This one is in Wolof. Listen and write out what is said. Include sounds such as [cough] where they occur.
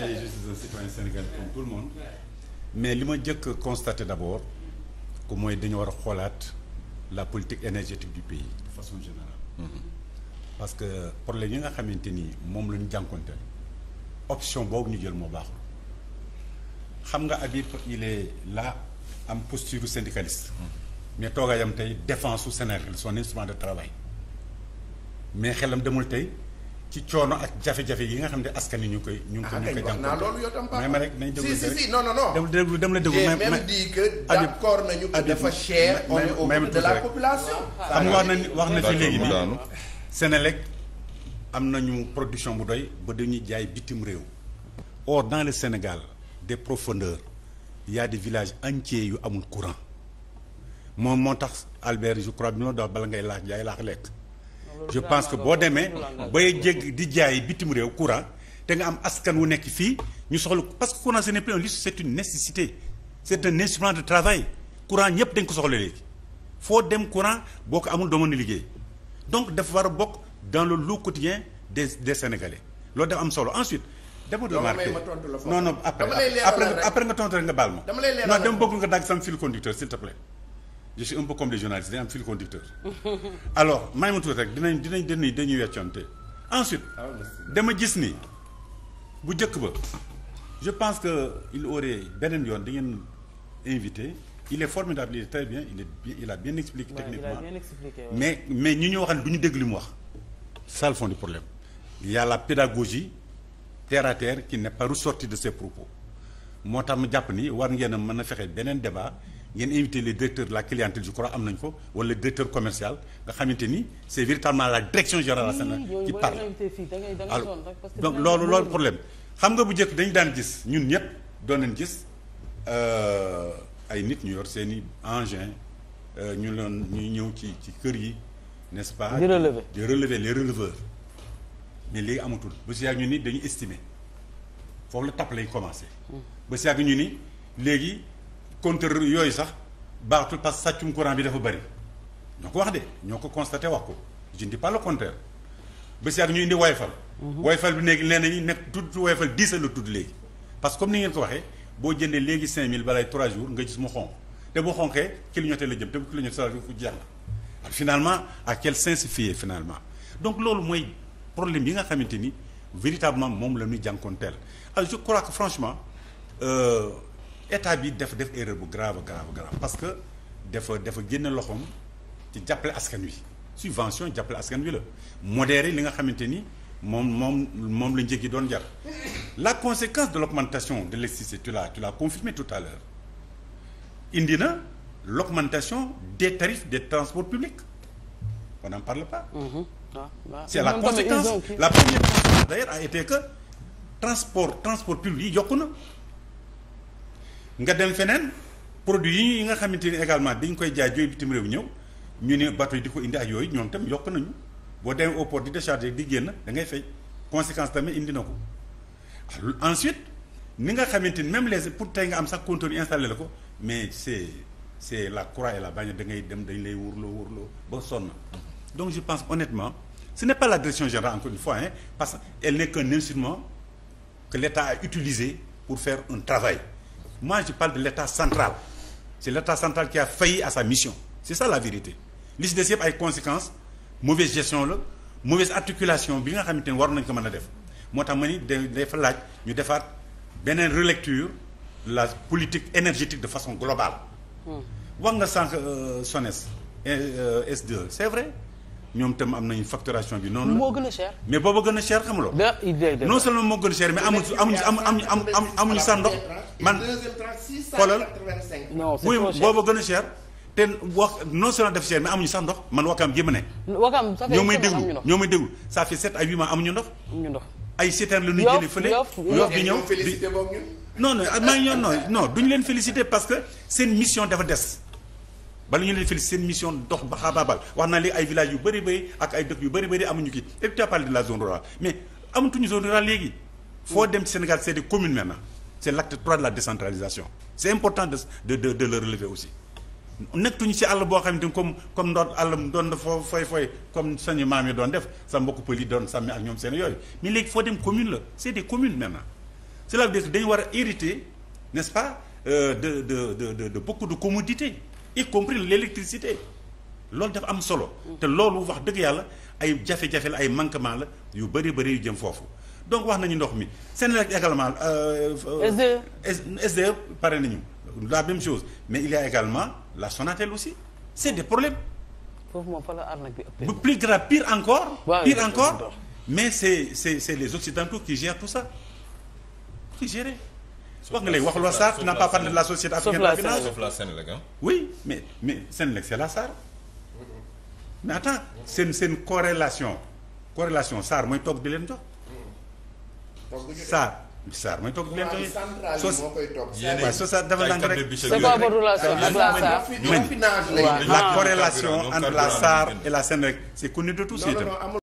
sénégalais je suis un mais li ma jëkk constaté d'abord que mooy dañu war a xoolaat la politique énergétique du pays façon générale mm-hmm. parce que problème yi nga xamante ni moom la ñu jànkonteel option boobu ñu jël moo baaxul xam nga Habib il est là am posture syndicaliste mm-hmm. mais toogaayam tey défense su Sénégal son instrument de travail mais xelam demul tey ci coono ak jafe-jafe yi nga xam ne askan wi ñu koy. ñu ngi ko ah, ñu ngi koy jànkuwante mais ma rek nañ déglu si si si non non dem déglu dem la déglu mais même dit que d'accord nañu que dafa cher. on est au la population. Ah, xam nga wax na fi léegi nii Sénélec am nañu production bu doy ba dañuy jaay bitim réew. or dans le Sénégal des profondeurs il y a des yu amul courant moom moo tax Albert je crois bi ma doon bala ngay laax jaay laax lekk. je pense que boo demee bay jégg di jaay bitim réew courant te nga am askan wu nekk fii ñu soxla parce que courant ce n'est plus un luxe c'est une nécessité c'est un de travail courant ñëpp dañ ko soxla léegi foo dem courant boo ko amul doo mën liggéey donc dafa war a bokk dans le lot quotidien des de sénégalais loolu dafa am solo ensuite. dama doon remarqué après nga tontu nga baal ma. dama lay leeralal nga dagg sam fil conducteur s'il te je suis un peu comme les journalistes dañ am fil conducteur. [laughs] alors may ma tuuti rek dinañ dinañ dañuy dañuy weccoonte ensuite ah, dama gis ni bu njëkk ba je pense que il aurait beneen yoon di ngeen invité il est formidable il est très bien il est bien il a bien expliqué. techniquement mais mais ñu ñu waxal du ñu dégg li mu wax. ça le fond du problème il y pédagogie terre à terre qui n'est pas ressortie de ses propos moo tax ma jàpp ni war ngeen a mën na fexe beneen débat. ngeen invité le directeurs de la clientèle ko crois am nañ ko wala directeur commercial nga xamante ni c'est véritablement la direction générale nationale qui parle alors donc loolu loolu problème xam nga bu njëkk dañ daan gis ñun ñëpp doon nañ gis euh, ay nit ñu yor seeni engin euh, ñu loon ñuy ñëw ci ci kër yi n'est-ce pas di relever di relever les releveurs mais léegi amatul ba si ñu nii dañu estimer foofu la tapp lay commencer hmm. ba si ñu ni léegi compteur yooyu sax baaxatul parce que sàccum courant bi dafa bëri ñoo ko wax de ñoo ko constaté wax ko je ne dis pas le contraire ba si ak ñu indi woyfal mhm. woyfal bi léegi nee nañu nekk tudd woyfal dix la tudd léegi parce que comme ni ngeen ko waxee boo jëndee léegi cinq mille balay trois jours nga gis mu xonq te bu xonqee kilomètre la jëm te bu kilomètre sa ko jeex la finalement à quel sens finalement donc loolu mooy problème yi nga xamante ni véritablement moom la ñuy jànkoonteel je crois que franchement euh, état bi dafa def erreur bu grave grave grave parce que dafa dafa génne loxoom ci jàppale askan wi subvention jàppale askan wi la modéré li nga xamante ni moom moom moom la njëg doon jar la conséquence de l'augmentation de l'électricité tu l'as tu l'as confirmé tout na l'augmentation des tarifs des transport publics on n'en parle pas mmh. c'est la conséquence la première conséquence d'ailleurs a été que transport transport public yi yokku na nga dem feneen produit yi nga xamante ni également dañ koy jaay jooy bitim réew ñëw ñu ni bateau yi di ko indi ak yooyu ñoom tam yokk nañu boo demee au port di décharger di génn da ngay fay conséquence tamit indi na ko ensuite ni nga xamante ni même les pour tey nga am sax compteur installé la ko mais c'est c'est la croix et la bannière da ngay dem dañ lay wóorloo wóorloo ba sonn donc je pense honnêtement ce n'est pas la direction générale encore une fois hein parce qu'elle n'est qu'un instrument que l'État a moi je parle de l'état central c'est l'état central qui a failli à sa mission c'est ça la li si des yëpp ay conséquences mauvaise gestion la mauvaise articulation bi nga xamante ne waroon nañ ko mën a def moo tax ma ni dafa laaj ñu defaat beneen relecture la politique énergétique de façon globale hmm. wax nga sànq euh, SONES euh, S2 c'est vrai ñoom tam nañu facturation bi noonu. moo gën a cher. mais booba gën a cher xamuloo. non seulement moo gën a cher mais amuñu amuñu amuñu amuñu sa ndox. man deuxième tranche six cent quatre-vingt-cinq non boobu gën a cher te wax non seulement def cher mais amuñu sax ndox man wakaam jéem a ne wakaam ñoo may déglu ñoo may déglu ça fait sept à huit mois amuñu ndox amuñu ndox ay citerne bi ñëw non non maa ah, leen félicité parce que seen mission dafa des bala ñu leen féliciter seen mission dox ba xaabaabal wax naa léegi ay villages yu bëri bëri ak ay dëkk yu bëri bëri amuñu kii et puis tu de la zone rurale mais amatuñu zone rurale léegi foo dem ci Sénégal c'est des communes maintenant c'est l'acte 3 de la décentralisation c'est important de de de, de le relever aussi nekkatuñu ci àll boo xam xamante ni comme comme ndoot àllam doon na foo foy fooy comme sañu maam yi doon def sa mbokk pël yi doon sàmmi ak ñoom seen yooyu mais léegi foo dem commune la c'est des communes maintenant cela veut dire que dañu war a hériter n'est-ce pas euh, de de de de de beaucoup de commodités y compris l'électricité loolu dafa am solo te loolu wax dëgg yàlla ay jafe-jafe la ay manquement la yu bëri bëri yu jëm foofu donc wax nañu ndox mi Senelec également. Euh, euh, SDE SDE pare nañu la même chose mais il y a également la Sonatel aussi c'est des problèmes. foofu moom fa la arnaque bi ëppee. plus grave pire encore. pire encore mais c'est c'est c'est les occidentaux qui gèrent tout sa qui gèrent. wax nga léegi wax loo SAR n'a pas parlé de la société africaine de finance sauf la Senelec oui mais mais Senelec c'est la SAR mais attends seen seen corrélation corrélation SAR mooy toog di leen jox. Sarr. Sarr mooy togg. soo moo koy togg. dafa nang rek. c'est quoi votre relation ak la Sarr. la corrélation entre la Sarr et la Senelec c'est connu de tous.